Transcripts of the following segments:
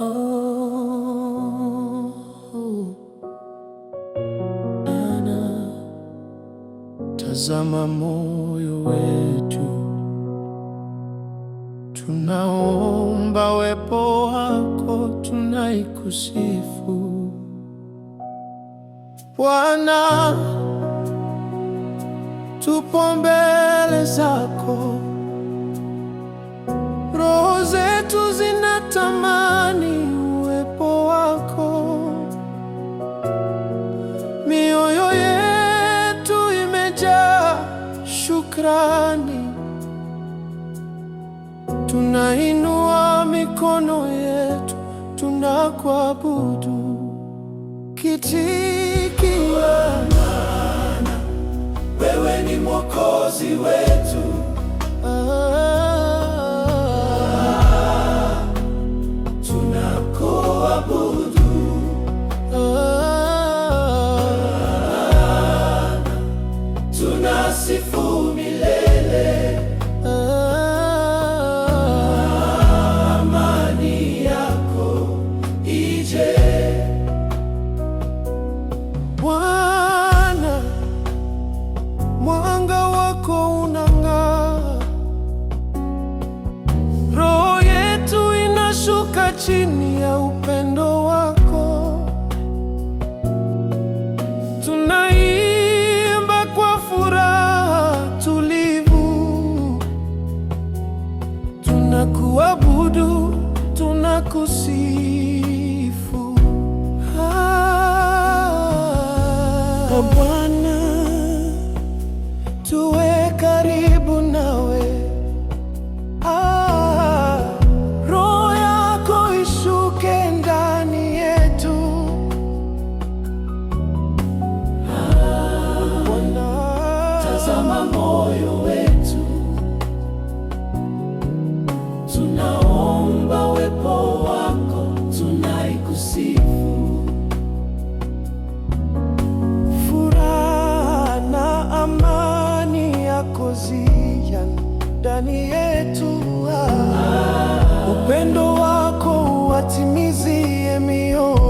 Oh, tazama moyo wetu, tunaomba wepo wako, tunaikusifu Bwana, tupo mbele zako shukrani, tunainua mikono yetu, tunakuabudu kitikio one. yetu upendo wako watimizie mioyo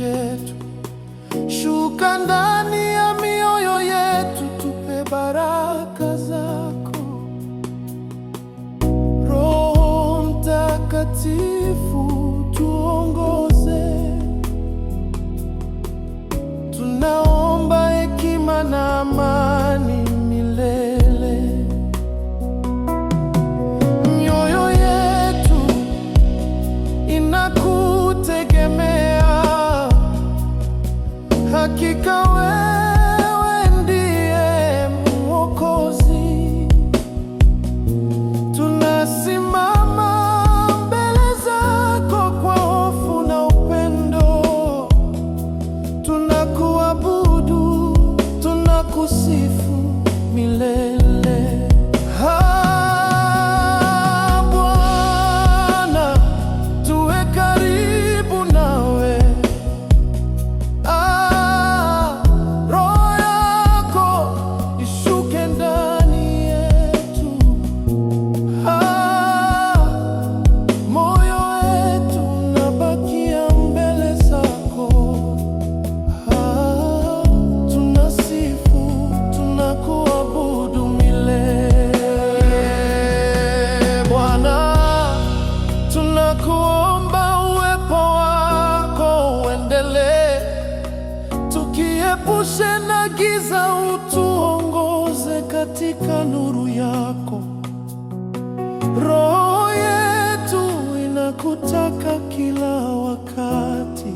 chetu, shuka ndani ya mioyo yetu, tupe baraka zako, Roho Mtakatifu. kusifu milele. tuepushe na giza, utuongoze katika nuru yako. Roho yetu inakutaka kila wakati.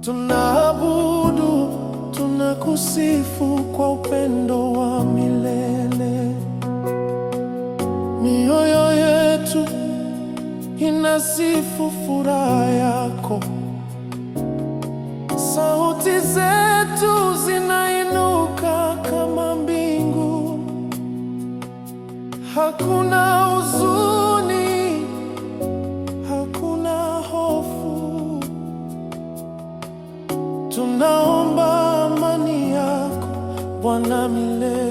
Tunaabudu, tunakusifu kwa upendo wa milele. Mioyo yetu inasifu furaha yako sauti zetu zinainuka kama mbingu, hakuna huzuni, hakuna hofu. Tunaomba amani yako Bwana milele.